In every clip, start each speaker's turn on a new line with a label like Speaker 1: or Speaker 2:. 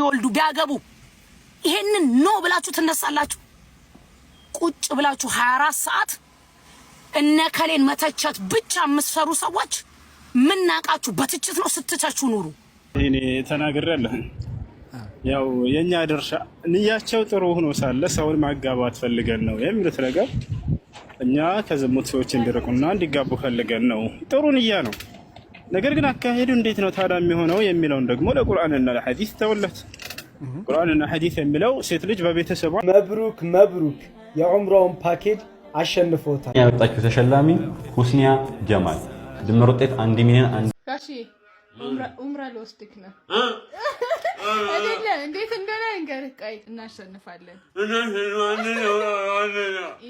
Speaker 1: ቢወልዱ ቢያገቡ ይሄንን ኖ ብላችሁ ትነሳላችሁ? ቁጭ ብላችሁ 24 ሰዓት እነ ከሌን መተቸት ብቻ የምትሰሩ ሰዎች ምናቃችሁ? በትችት ነው ስትቻችሁ ኑሩ።
Speaker 2: እኔ ተናግሬያለሁ። ያው የኛ ድርሻ ንያቸው ጥሩ ሆኖ ሳለ ሰውን ማጋባት ፈልገን ነው የሚሉት ነገር እኛ ከዝሙት ሰዎች እንዲርቁና እንዲጋቡ ፈልገን ነው። ጥሩ ንያ ነው። ነገር ግን አካሄዱ እንዴት ነው ታዲያ የሚሆነው የሚለውን ደግሞ ለቁርአንና ለሐዲስ ተወለት። ቁርአንና ሐዲስ የሚለው ሴት ልጅ በቤተሰቧ
Speaker 3: መብሩክ መብሩክ የዑምራውን ፓኬጅ አሸንፎታል።
Speaker 4: ያወጣችው ተሸላሚ ሁስኒያ ጀማል ድምር ውጤት አንድ ሚሊዮን አንድ
Speaker 5: ጋሺ ዑምራ ልወስድክ ነው አይደለ? እንዴት እንደሆነ እንገርህ። ቆይ እናሸንፋለን።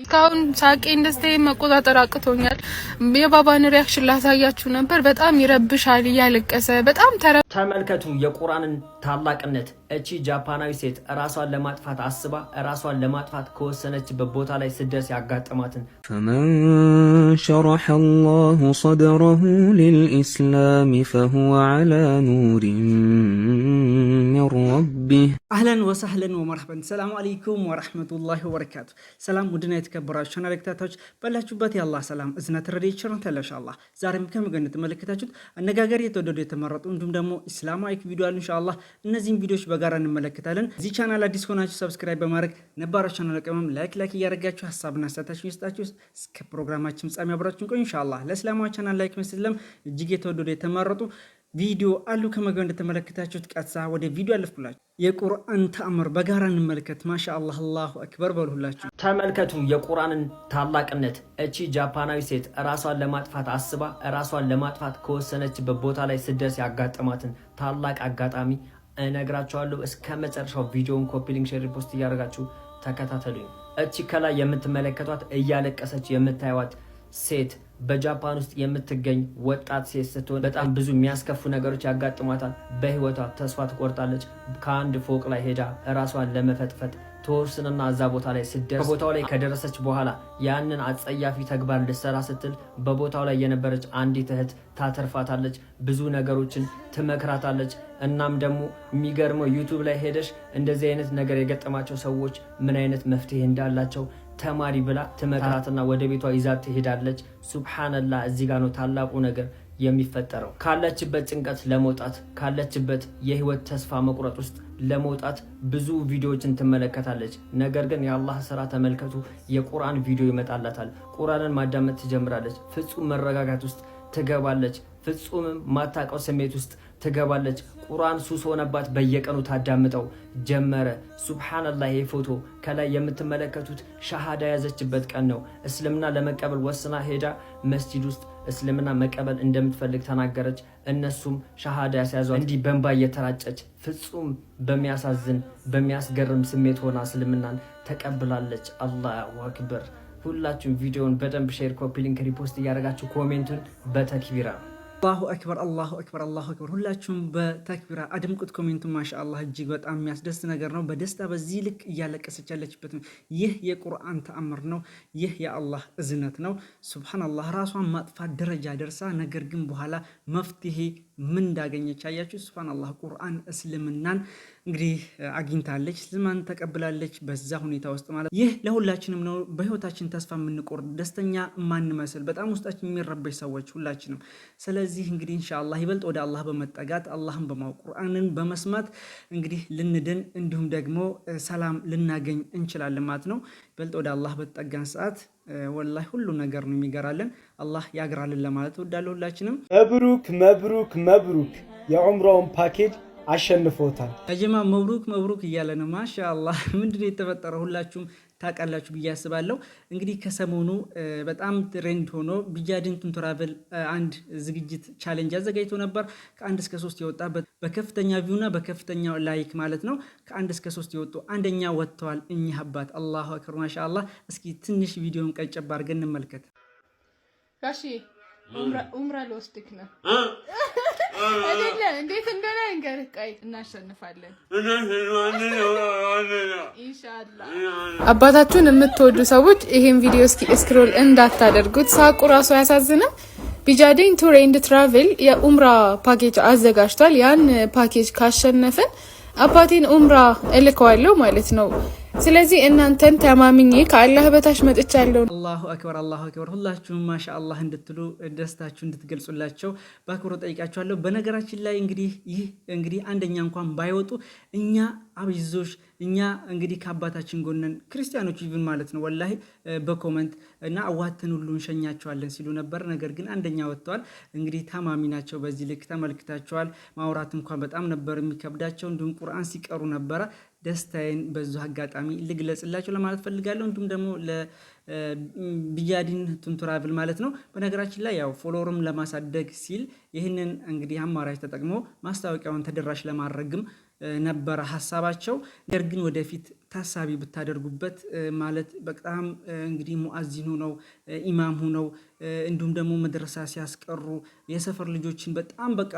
Speaker 6: እስካሁን ሳቄን ደስታዬን መቆጣጠር አቅቶኛል። የባባን ሪያክሽን ላሳያችሁ ነበር። በጣም ይረብሻል። እያለቀሰ በጣም ተረ
Speaker 7: ተመልከቱ የቁራንን ታላቅነት እቺ ጃፓናዊ ሴት ራሷን ለማጥፋት አስባ ራሷን ለማጥፋት ከወሰነችበት ቦታ ላይ ስደርስ ያጋጠማትን
Speaker 8: فمن شرح الله صدره للإسلام فهو على نور من ربه
Speaker 9: أهلا وسهلا ومرحبا السلام عليكم ورحمة الله وبركاته سلام ودنا የተከበራችሁ ቻናል ተከታታዮች ባላችሁበት የአላህ ሰላም እዝነት ረድኤት ቸርነት ያለሻላ ዛሬም ከምገን የተመለከታችሁት አነጋጋሪ የተወደዱ የተመረጡ እንዲሁም ደግሞ ኢስላማዊ ቪዲዮ አሉ ኢንሻአላህ እነዚህን ቪዲዮዎች በጋራ እንመለከታለን እዚህ ቻናል አዲስ ከሆናችሁ ሰብስክራይብ በማድረግ ነባሮች ቻናል ቀመም ላይክ ላይክ እያደረጋችሁ ሀሳብና አስተያየታችሁን ይስጣችሁ እስከ ፕሮግራማችን ፍጻሜ አብራችን ቆይ ኢንሻአላህ። ለእስላማዊ ቻናል ላይክ መስለም እጅግ የተወደዱ የተመረጡ ቪዲዮ አሉ ከመግቢያው እንደተመለከታችሁት ቀጥታ ወደ ቪዲዮ አለፍኩላችሁ። የቁርአን ተአምር በጋራ እንመልከት። ማሻአላህ አላሁ አክበር በሉላችሁ።
Speaker 7: ተመልከቱ የቁርአንን ታላቅነት። እቺ ጃፓናዊ ሴት ራሷን ለማጥፋት አስባ ራሷን ለማጥፋት ከወሰነችበት ቦታ ላይ ስደርስ ያጋጠማትን ታላቅ አጋጣሚ እነግራችኋለሁ። እስከ መጨረሻው ቪዲዮውን ኮፒሊንግ ሼር ፖስት እያደረጋችሁ ተከታተሉኝ። እቺ ከላይ የምትመለከቷት እያለቀሰች የምታዩት ሴት በጃፓን ውስጥ የምትገኝ ወጣት ሴት ስትሆን በጣም ብዙ የሚያስከፉ ነገሮች ያጋጥሟታል። በህይወቷ ተስፋ ትቆርጣለች። ከአንድ ፎቅ ላይ ሄዳ እራሷን ለመፈጥፈጥ ትወስንና እዛ ቦታ ላይ ስደርስ ከቦታው ላይ ከደረሰች በኋላ ያንን አጸያፊ ተግባር ልሰራ ስትል በቦታው ላይ የነበረች አንዲት እህት ታተርፋታለች፣ ብዙ ነገሮችን ትመክራታለች። እናም ደግሞ የሚገርመው ዩቱብ ላይ ሄደሽ እንደዚህ አይነት ነገር የገጠማቸው ሰዎች ምን አይነት መፍትሄ እንዳላቸው ተማሪ ብላ ትመክራትና ወደ ቤቷ ይዛ ትሄዳለች። ሱብሓነላህ እዚህ ጋር ነው ታላቁ ነገር። የሚፈጠረው። ካለችበት ጭንቀት ለመውጣት ካለችበት የህይወት ተስፋ መቁረጥ ውስጥ ለመውጣት ብዙ ቪዲዮዎችን ትመለከታለች። ነገር ግን የአላህ ስራ ተመልከቱ፣ የቁርአን ቪዲዮ ይመጣላታል። ቁርአንን ማዳመጥ ትጀምራለች። ፍጹም መረጋጋት ውስጥ ትገባለች። ፍጹምም ማታቀው ስሜት ውስጥ ትገባለች። ቁርአን ሱስ ሆነባት፣ በየቀኑ ታዳምጠው ጀመረ። ሱብሓነላህ ይህ ፎቶ ከላይ የምትመለከቱት ሻሃዳ የያዘችበት ቀን ነው። እስልምና ለመቀበል ወስና ሄዳ መስጂድ ውስጥ እስልምና መቀበል እንደምትፈልግ ተናገረች። እነሱም ሻሃዳ ያስያዟት። እንዲህ በንባ እየተራጨች ፍጹም በሚያሳዝን በሚያስገርም ስሜት ሆና እስልምናን ተቀብላለች። አላሁ አክበር። ሁላችሁም ቪዲዮውን በደንብ ሼር፣ ኮፒ ሊንክ፣ ሪፖስት እያደረጋችሁ ኮሜንቱን በተክቢራ
Speaker 9: አላሁ አክበር አላሁ አክበር አላሁ አክበር። ሁላችሁም በተክቢራ አድምቁት ኮሜንቱን። ማሻአላህ እጅግ በጣም የሚያስደስት ነገር ነው። በደስታ በዚህ ልክ እያለቀሰች ያለችበት ይህ የቁርአን ተአምር ነው። ይህ የአላህ እዝነት ነው። ሱብሃነላህ ራሷን ማጥፋት ደረጃ ደርሳ ነገር ግን በኋላ መፍትሄ ምን እንዳገኘች አያችሁ። ስብሃናላህ ቁርአን እስልምናን እንግዲህ አግኝታለች፣ እስልምናን ተቀብላለች። በዛ ሁኔታ ውስጥ ማለት ይህ ለሁላችንም ነው። በህይወታችን ተስፋ የምንቆርጥ ደስተኛ ማንመስል በጣም ውስጣችን የሚረበሽ ሰዎች ሁላችንም። ስለዚህ እንግዲህ እንሻላ ይበልጥ ወደ አላህ በመጠጋት አላህን በማወቅ ቁርአንን በመስማት እንግዲህ ልንድን እንዲሁም ደግሞ ሰላም ልናገኝ እንችላለን ማለት ነው። ይበልጥ ወደ አላህ በተጠጋን ሰዓት ወላ ሁሉ ነገር ነው የሚገራለን። አላህ ያግራልን ለማለት እወዳለሁ። ሁላችንም
Speaker 3: መብሩክ መብሩክ መብሩክ የዑምራውን ፓኬጅ አሸንፎታል።
Speaker 9: ከጀማ መብሩክ መብሩክ እያለ ነው። ማሻአላህ ምንድን ነው ሁላችሁም ታውቃላችሁ ብዬ አስባለሁ። እንግዲህ ከሰሞኑ በጣም ትሬንድ ሆኖ ቢጃድንቱን ትራቨል አንድ ዝግጅት ቻሌንጅ አዘጋጅቶ ነበር። ከአንድ እስከ ሶስት የወጣ በከፍተኛ ቪውና በከፍተኛ ላይክ ማለት ነው። ከአንድ እስከ ሶስት የወጡ አንደኛ ወጥተዋል እኚህ አባት። አላሁ አክበር ማሻአላ። እስኪ ትንሽ ቪዲዮን ቀጨባ አድርገን እንመልከት።
Speaker 5: ጋሺ ኡምራ ልወስድክ ነው አይደለ? እንዴት እንደሆነ እንገርህ። ቆይ እናሸንፋለን
Speaker 6: አባታችሁን የምትወዱ ሰዎች ይሄን ቪዲዮ እስኪ ስክሮል እንዳታደርጉት። ሳቁ ራሱ አያሳዝንም? ቢጃዴን ቱር ኤንድ ትራቭል የኡምራ ፓኬጅ አዘጋጅቷል። ያን ፓኬጅ ካሸነፍን አባቴን ኡምራ እልከዋለሁ ማለት ነው። ስለዚህ እናንተን ተማምኜ ከአላህ በታች መጥቻለሁ።
Speaker 9: አላሁ አክበር አላሁ አክበር። ሁላችሁም ማሻ አላህ እንድትሉ ደስታችሁ እንድትገልጹላቸው በአክብሮ ጠይቃችኋለሁ። በነገራችን ላይ እንግዲህ ይህ እንግዲህ አንደኛ እንኳን ባይወጡ እኛ አብዞች እኛ እንግዲህ ከአባታችን ጎነን ክርስቲያኖች ይብን ማለት ነው ወላሂ በኮመንት እና አዋተን ሁሉ እንሸኛቸዋለን ሲሉ ነበር። ነገር ግን አንደኛ ወጥተዋል። እንግዲህ ታማሚ ናቸው። በዚህ ልክ ተመልክታቸዋል። ማውራት እንኳን በጣም ነበር የሚከብዳቸው። እንዲሁም ቁርአን ሲቀሩ ነበረ ደስታዬን በዙ አጋጣሚ ልግለጽላቸው ለማለት ፈልጋለሁ። እንዲሁም ደግሞ ለብያዲን ቱንቱራቭል ማለት ነው። በነገራችን ላይ ያው ፎሎወርም ለማሳደግ ሲል ይህንን እንግዲህ አማራጭ ተጠቅሞ ማስታወቂያውን ተደራሽ ለማድረግም ነበረ ሀሳባቸው። ነገር ግን ወደፊት ታሳቢ ብታደርጉበት ማለት በጣም እንግዲህ ሙአዚን ሁነው ኢማም ሁነው እንዲሁም ደግሞ መድረሳ ሲያስቀሩ የሰፈር ልጆችን በጣም በቃ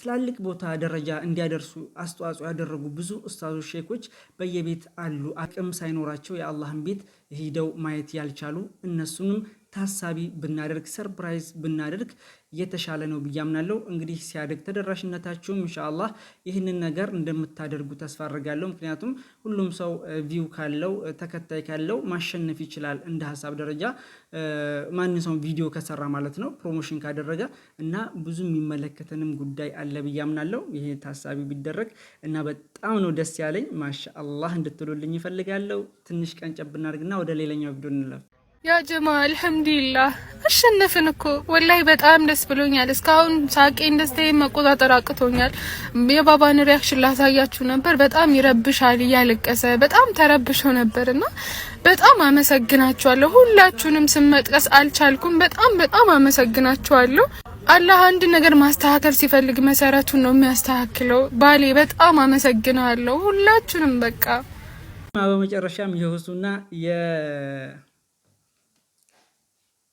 Speaker 9: ትላልቅ ቦታ ደረጃ እንዲያደርሱ አስተዋጽኦ ያደረጉ ብዙ ኡስታዞች፣ ሼኮች በየቤት አሉ። አቅም ሳይኖራቸው የአላህን ቤት ሂደው ማየት ያልቻሉ እነሱንም ታሳቢ ብናደርግ ሰርፕራይዝ ብናደርግ የተሻለ ነው ብዬ አምናለሁ። እንግዲህ ሲያደግ ተደራሽነታችሁም እንሻላ ይህንን ነገር እንደምታደርጉ ተስፋ አድርጋለሁ። ምክንያቱም ሁሉም ሰው ቪው ካለው ተከታይ ካለው ማሸነፍ ይችላል። እንደ ሀሳብ ደረጃ ማን ሰው ቪዲዮ ከሰራ ማለት ነው ፕሮሞሽን ካደረገ እና ብዙ የሚመለከተንም ጉዳይ አለ ብዬ አምናለሁ። ይሄ ታሳቢ ቢደረግ እና በጣም ነው ደስ ያለኝ። ማሻአላህ እንድትሉልኝ ይፈልጋለሁ። ትንሽ ቀን ጨብ እናድርግና ወደ ሌላኛው ቪዲዮ እንለፍ።
Speaker 6: ያ ጀማ አልሐምዱሊላህ አሸነፍን እኮ ወላይ በጣም ደስ ብሎኛል። እስካሁን ሳቄን ደስታዬን መቆጣጠር አቅቶኛል። የባባን ሪያክሽን ላሳያችሁ ነበር። በጣም ይረብሻል። እያለቀሰ በጣም ተረብሾ ነበር እና በጣም አመሰግናችኋለሁ። ሁላችሁንም ስም መጥቀስ አልቻልኩም። በጣም በጣም አመሰግናችኋለሁ። አላህ አንድ ነገር ማስተካከል ሲፈልግ መሰረቱን ነው የሚያስተካክለው። ባሌ በጣም አመሰግናለሁ ሁላችሁንም በቃ
Speaker 9: በመጨረሻም የሁሱና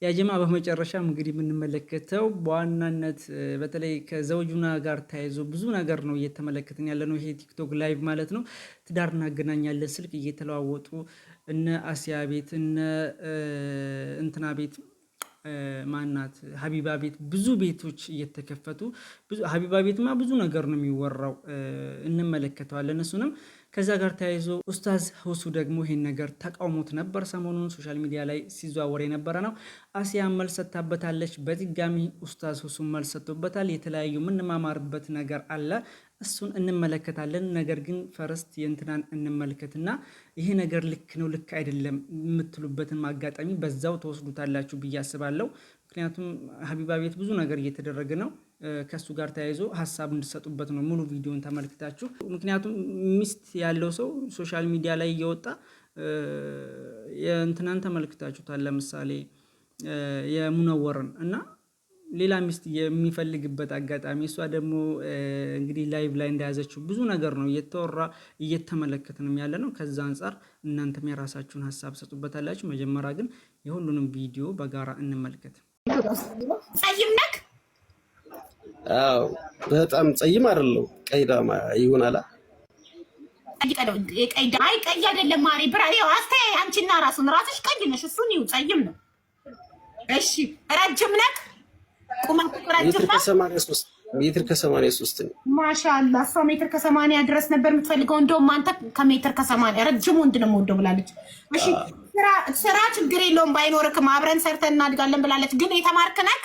Speaker 9: ያጀማ በመጨረሻም እንግዲህ የምንመለከተው በዋናነት በተለይ ከዘውጁና ጋር ተያይዞ ብዙ ነገር ነው እየተመለከትን ያለ ነው። ይሄ ቲክቶክ ላይቭ ማለት ነው። ትዳር እናገናኛለን ስልክ እየተለዋወጡ እነ አሲያ ቤት እነ እንትና ቤት ማናት ሀቢባ ቤት ብዙ ቤቶች እየተከፈቱ ሀቢባ ቤትማ ብዙ ነገር ነው የሚወራው፣ እንመለከተዋለን እሱንም ከዛ ጋር ተያይዞ ኡስታዝ ህውሱ ደግሞ ይሄን ነገር ተቃውሞት ነበር። ሰሞኑን ሶሻል ሚዲያ ላይ ሲዘዋወር የነበረ ነው። አሲያ መልስ ሰጥታበታለች። በድጋሚ ኡስታዝ ህውሱ መልስ ሰጥቶበታል። የተለያዩ የምንማማርበት ነገር አለ፣ እሱን እንመለከታለን። ነገር ግን ፈረስት የእንትናን እንመልከትና ይሄ ነገር ልክ ነው ልክ አይደለም የምትሉበትን አጋጣሚ በዛው ተወስዱታላችሁ ብዬ አስባለሁ። ምክንያቱም ሀቢባ ቤት ብዙ ነገር እየተደረገ ነው። ከእሱ ጋር ተያይዞ ሀሳብ እንድሰጡበት ነው። ሙሉ ቪዲዮን ተመልክታችሁ ምክንያቱም ሚስት ያለው ሰው ሶሻል ሚዲያ ላይ እየወጣ የእንትናን ተመልክታችሁታል። ለምሳሌ የሙነወርን እና ሌላ ሚስት የሚፈልግበት አጋጣሚ እሷ ደግሞ እንግዲህ ላይቭ ላይ እንደያዘችው ብዙ ነገር ነው እየተወራ እየተመለከትንም ያለ ነው። ከዛ አንጻር እናንተም የራሳችሁን ሀሳብ ሰጡበታላችሁ። መጀመሪያ ግን የሁሉንም ቪዲዮ በጋራ እንመልከት።
Speaker 10: አዎ በጣም ጸይም አይደለው ቀይዳማ ዳማ ይሆናል።
Speaker 1: ቀይ ቀይ አይደለም ማሬ ብራ ያው አስተያይ አንቺና ራሱን ራስሽ ቀይ ነሽ። እሱን ይው ጸይም ነው። እሺ ረጅም ነክ
Speaker 10: ቁመት ረጅም ነው። ሰማንያ ሦስት ሜትር ከሰማንያ ሦስት ነው።
Speaker 1: ማሻአላ እሷ ሜትር ከሰማንያ ድረስ ነበር የምትፈልገው። እንደውም አንተ ከሜትር ከሰማንያ ረጅም ወንድ ነው የምወደው ብላለች። እሺ ስራ ችግር የለውም ባይኖርክም አብረን ሰርተን እናድጋለን ብላለች። ግን የተማርክ ነክ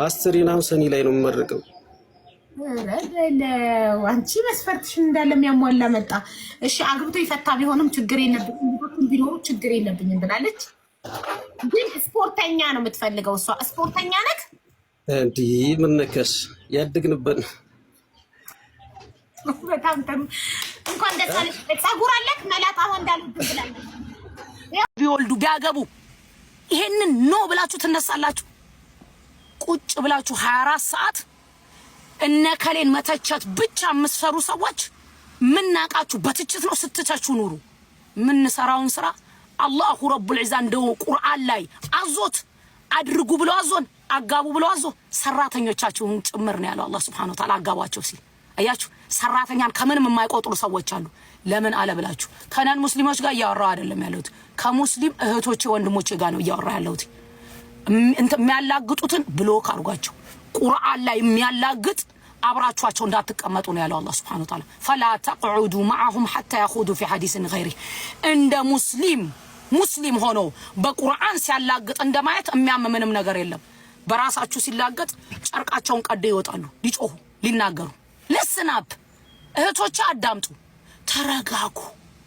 Speaker 10: ማስተር አሁን ሰኒ ላይ ነው የምመረቀው።
Speaker 1: አንቺ መስፈርትሽን እንዳለ የሚያሟላ መጣ። እሺ አግብቶ ይፈታ ቢሆንም ችግር የለብኝም ቢኖሩ ችግር የለብኝም ብላለች። ግን ስፖርተኛ ነው የምትፈልገው እሷ ስፖርተኛ ነት
Speaker 10: እንዲህ ምን ነከስ ያድግንበት
Speaker 1: በጣም እንኳን ደስ አለሽ። ፀጉር አለክ መላጣ ወንድ አልወድም ብላለች። ቢወልዱ ቢያገቡ ይሄንን ኖ ብላችሁ ትነሳላችሁ። ቁጭ ብላችሁ 24 ሰዓት እነ ከሌን መተቸት ብቻ የምትሰሩ ሰዎች ምናቃችሁ በትችት ነው። ስትተቹ ኑሩ። የምንሰራውን ስራ አላሁ ረቡል ዒዛ እንደው ቁርአን ላይ አዞት አድርጉ ብሎ አዞን አጋቡ ብሎ አዞ ሰራተኞቻችሁን ጭምር ነው ያለው አላህ ሱብሓነሁ ወተዓላ አጋቧቸው ሲል አያችሁ። ሰራተኛን ከምንም የማይቆጥሩ ሰዎች አሉ። ለምን አለ ብላችሁ ከነን ሙስሊሞች ጋር እያወራው አይደለም ያለሁት ከሙስሊም እህቶቼ ወንድሞቼ ጋር ነው እያወራ ያለሁት። የሚያላግጡትን ብሎክ አድርጓቸው። ቁርአን ላይ የሚያላግጥ አብራችኋቸው እንዳትቀመጡ ነው ያለው አላህ ስብሐነ ወተዓላ። ፈላ ተቅዑዱ ማዕሁም ሐታ ያኹዱ ፊ ሐዲስን ገይሪህ። እንደ ሙስሊም ሙስሊም ሆኖ በቁርአን ሲያላግጥ እንደማየት የሚያምምንም ነገር የለም። በራሳችሁ ሲላገጥ ጨርቃቸውን ቀደው ይወጣሉ፣ ሊጮሁ ሊናገሩ። ልስናፕ እህቶች አዳምጡ፣ ተረጋጉ።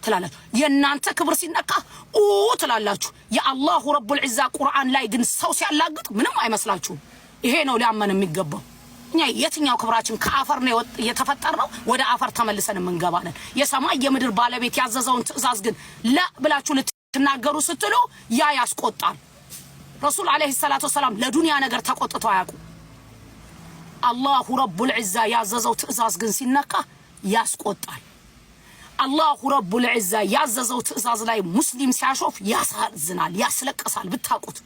Speaker 1: ትላላችሁ። የእናንተ ክብር ሲነካ ኡ ትላላችሁ። የአላሁ ረቡል ዒዛ ቁርአን ላይ ግን ሰው ሲያላግጥ ምንም አይመስላችሁም። ይሄ ነው ሊያመን የሚገባው። እኛ የትኛው ክብራችን ከአፈር ነው የተፈጠርነው፣ ወደ አፈር ተመልሰን የምንገባለን። የሰማይ የምድር ባለቤት ያዘዘውን ትዕዛዝ ግን ለ ብላችሁ ልትናገሩ ስትሉ ያ ያስቆጣል። ረሱል ዓለይሂ ሰላቱ ወሰላም ለዱንያ ነገር ተቆጥተው አያውቁ። አላሁ ረቡል ዒዛ ያዘዘው ትዕዛዝ ግን ሲነካ ያስቆጣል። አላሁ ረቡል ዒዛ ያዘዘው ትዕዛዝ ላይ ሙስሊም ሲያሾፍ ያሳዝናል፣ ያስለቅሳል። ብታቁት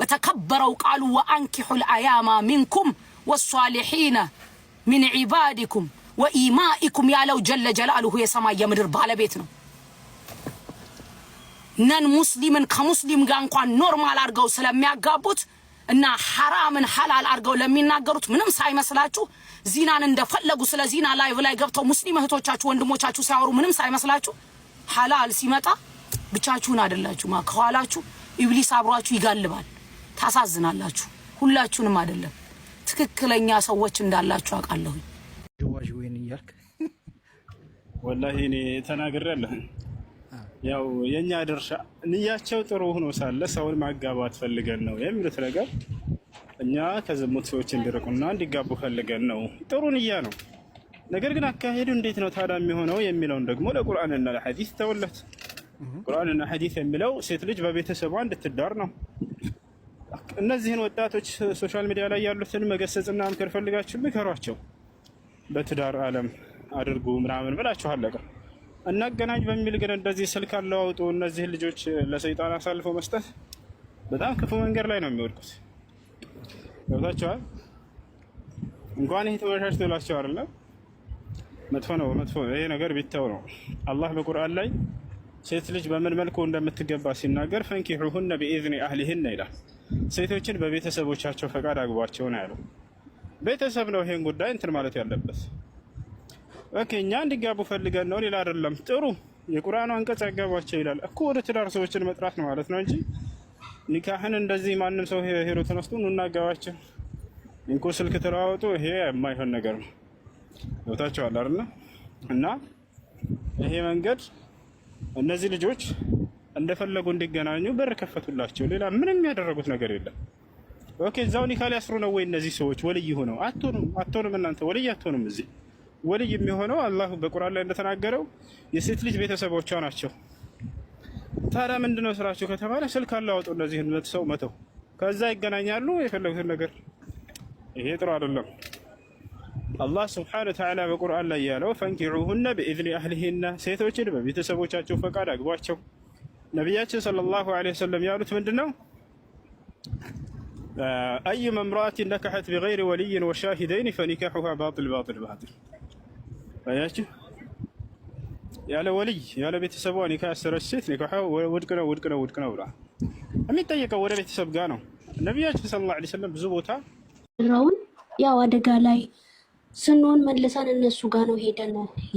Speaker 1: በተከበረው ቃሉ ወአንኪሑል አያማ ሚንኩም ወሷሊሒነ ሚን ዒባዲኩም ወኢማኢኩም ያለው ጀለ ጀላልሁ የሰማይ የምድር ባለቤት ነው። ነን ሙስሊምን ከሙስሊም ጋር እንኳን ኖርማል አድርገው ስለሚያጋቡት እና ሐራምን ሐላል አድርገው ለሚናገሩት ምንም ሳይመስላችሁ ዚናን እንደፈለጉ ስለ ዚና ላይቭ ላይ ገብተው ሙስሊም እህቶቻችሁ ወንድሞቻችሁ ሲያወሩ ምንም ሳይመስላችሁ ሐላል ሲመጣ ብቻችሁን አይደላችሁማ። ከኋላችሁ ኢብሊስ አብሯችሁ ይጋልባል። ታሳዝናላችሁ። ሁላችሁንም አይደለም ትክክለኛ ሰዎች እንዳላችሁ አውቃለሁ።
Speaker 2: ወላሂ እኔ ተናግሬያለሁ። ያው የኛ ድርሻ ንያቸው ጥሩ ሆኖ ሳለ ሰውን ማጋባት ፈልገን ነው የሚሉት ነገር እኛ ከዝሙት ሰዎች እንዲርቁና እንዲጋቡ ፈልገን ነው። ጥሩ ንያ ነው። ነገር ግን አካሄዱ እንዴት ነው ታዲያ የሚሆነው የሚለውን ደግሞ ለቁርአንና ለሐዲስ ተወለት። ቁርአንና ሐዲስ የሚለው ሴት ልጅ በቤተሰቧ እንድትዳር ነው። እነዚህን ወጣቶች ሶሻል ሚዲያ ላይ ያሉትን መገሰጽና ምክር ፈልጋችሁ ምከሯቸው። በትዳር ዓለም አድርጉ ምናምን ብላችሁ አለቀ። እናገናኝ በሚል ግን እንደዚህ ስልክ አለዋውጡ እነዚህን ልጆች ለሰይጣን አሳልፎ መስጠት በጣም ክፉ መንገድ ላይ ነው የሚወድቁት። ገብታችኋል? እንኳን ይህ ተመሻሽ ብላቸው አይደለም። መጥፎ ነው፣ መጥፎ ይሄ ነገር ቢተው ነው። አላህ በቁርአን ላይ ሴት ልጅ በምን መልኩ እንደምትገባ ሲናገር ፈንኪሑሁነ ቢኢዝኒ አህሊህና ይላል። ሴቶችን በቤተሰቦቻቸው ፈቃድ አግቧቸው ነው ያለው። ቤተሰብ ነው ይሄን ጉዳይ እንትን ማለት ያለበት ኦኬ፣ እኛ እንዲጋቡ ፈልገን ነው፣ ሌላ አይደለም። ጥሩ የቁርአኑ አንቀጽ ያጋባቸው ይላል እኮ። ወደ ትዳር ሰዎችን መጥራት ማለት ነው እንጂ ኒካህን እንደዚህ ማንም ሰው ሄሮ ተነስቶ ኑ እናጋባቸው እንኮ ስልክ ተለዋወጡ፣ ይሄ የማይሆን ነገር ነው። ይወታቸዋል አይደል? እና ይሄ መንገድ እነዚህ ልጆች እንደፈለጉ እንዲገናኙ በር ከፈቱላቸው። ሌላ ምንም ያደረጉት ነገር የለም። ኦኬ እዛው ኒካ ሊያስሩ ነው ወይ እነዚህ ሰዎች? ወልይ ሆነው አትሆኑም፣ አትሆኑም። እናንተ ወልይ አትሆኑም እዚህ ወልይ የሚሆነው አላህ በቁርአን ላይ እንደተናገረው የሴት ልጅ ቤተሰቦቿ ናቸው። ታዲያ ምንድነው ስራቸው ከተባለ ስልክ አላወጡ እነዚህን ሰው መተው ከዛ ይገናኛሉ የፈለጉትን ነገር። ይሄ ጥሩ አይደለም። አላህ ስብሐነሁ ወተዓላ በቁርአን ላይ ያለው ፈንኪዑሁነ በኢዝኒ አህሊሂና ሴቶችን በቤተሰቦቻቸው ፈቃድ አግቧቸው። ነቢያችን ሰለላሁ ዐለይሂ ወሰለም ያሉት ምንድነው? አዩመ እምረአቲን ነከሐት ቢገይሪ ወልይን ወሻሂደይን ፈኒካሑሃ ባጢል ባጢል ባጢል አያችሁ፣ ያለ ወልይ ያለ ቤተሰቧ ኒካ ያሰረች ሴት ውድቅ ነው ውድቅ ነው ውድቅ ነው ብሏል። የሚጠየቀው ወደ ቤተሰብ ጋር ነው። ነቢያችን ሰለላሁ ዐለይሂ ወሰለም ብዙ ቦታ
Speaker 11: ድራውን ያው አደጋ ላይ ስንሆን መልሰን እነሱ ጋር ነው ሄደን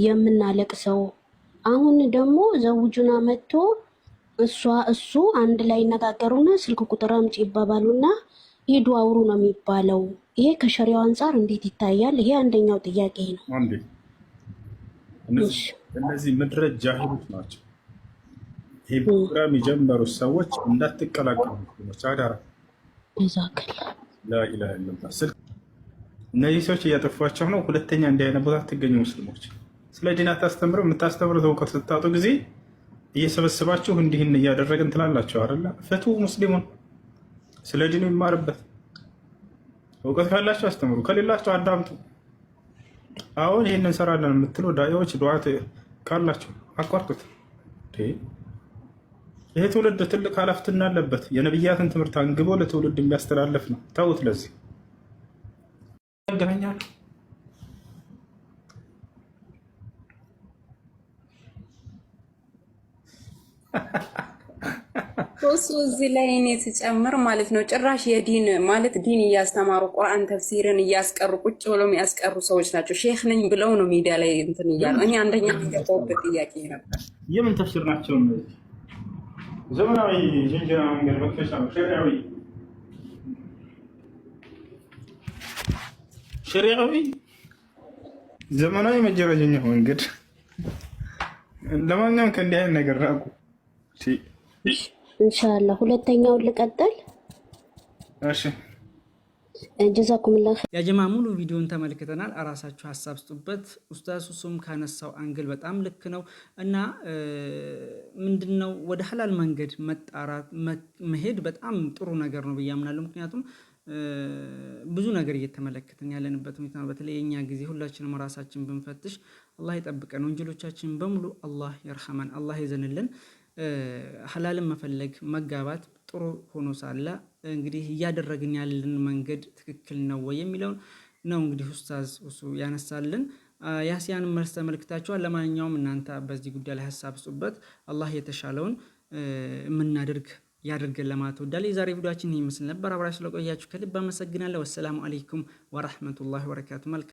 Speaker 11: የምናለቅሰው። አሁን ደግሞ ዘውጁና መጥቶ እሷ እሱ አንድ ላይ ይነጋገሩና ስልክ ቁጥር አምጪ ይባባሉና ሂዱ አውሩ ነው የሚባለው። ይሄ ከሸሪያው አንጻር እንዴት ይታያል? ይሄ አንደኛው ጥያቄ ነው።
Speaker 2: እነዚህ ምድረ ጃሂሎች ናቸው። ይሄ ፕሮግራም የጀመሩት ሰዎች እንዳትቀላቀሉ አዳራ ላኢላ እነዚህ ሰዎች እያጠፏቸው ነው። ሁለተኛ እንዲህ አይነት ቦታ ትገኙ ሙስሊሞች ስለ ዲን አታስተምረው። የምታስተምሩት እውቀት ስታጡ ጊዜ እየሰበስባችሁ እንዲህን እያደረግን ትላላችሁ አለ ፍቱ ሙስሊሙን ስለ ዲኑ ይማርበት። እውቀት ካላቸው አስተምሩ፣ ከሌላቸው አዳምጡ። አሁን ይህን እንሰራለን የምትሉ ዳኢዎች ዱዓት ካላችሁ አቋርጡት። ይህ ትውልድ ትልቅ ኃላፊነት አለበት። የነቢያትን ትምህርት አንግቦ ለትውልድ የሚያስተላለፍ ነው። ተውት። ለዚህ ገናኛል
Speaker 6: Ha እሱ እዚህ ላይ እኔ ትጨምር ማለት ነው። ጭራሽ የዲን ማለት ዲን እያስተማሩ ቁርአን ተፍሲርን እያስቀሩ ቁጭ ብለው የሚያስቀሩ ሰዎች ናቸው። ሼክ ነኝ ብለው ነው ሚዲያ ላይ እንትን እያሉ። እኔ አንደኛ ገባሁበት ጥያቄ ነበር።
Speaker 2: የምን ተፍሲር ናቸው እነዚህ? ዘመናዊ ጀንጀና መንገድ መክፈቻ ነው። ሸሪዊ ሸሪዊ ዘመናዊ መጀረጀኛ መንገድ። ለማንኛውም ከእንዲህ አይነት ነገር ራቁ።
Speaker 11: እንሻላ ሁለተኛውን ልቀጥል።
Speaker 2: እሺ
Speaker 9: ያጀማ ሙሉ ቪዲዮን ተመልክተናል። እራሳችሁ ሀሳብ ስጡበት። ኡስታዝ ሱም ካነሳው አንግል በጣም ልክ ነው እና ምንድን ነው ወደ ሀላል መንገድ መጣራት መሄድ በጣም ጥሩ ነገር ነው ብዬ አምናለሁ። ምክንያቱም ብዙ ነገር እየተመለከትን ያለንበት ሁኔታ ነው። በተለይ የኛ ጊዜ ሁላችንም ራሳችን ብንፈትሽ አላህ ይጠብቀን፣ ወንጀሎቻችን በሙሉ አላህ ይርሐመን፣ አላህ ይዘንልን። ሀላልን መፈለግ መጋባት ጥሩ ሆኖ ሳለ እንግዲህ እያደረግን ያለን መንገድ ትክክል ነው ወይ የሚለውን ነው እንግዲህ ኡስታዝ እሱ ያነሳልን። ያሲያን መልስ ተመልክታችኋል። ለማንኛውም እናንተ በዚህ ጉዳይ ላይ ሀሳብ ስጡበት። አላህ የተሻለውን የምናደርግ ያደርገን ለማለት እወዳለሁ። የዛሬ ቪዲዮችን ምስል ነበር። አብራችሁ ስለቆያችሁ ከልብ አመሰግናለሁ። ወሰላሙ አሌይኩም ወራህመቱላሂ ወበረካቱ። መልካም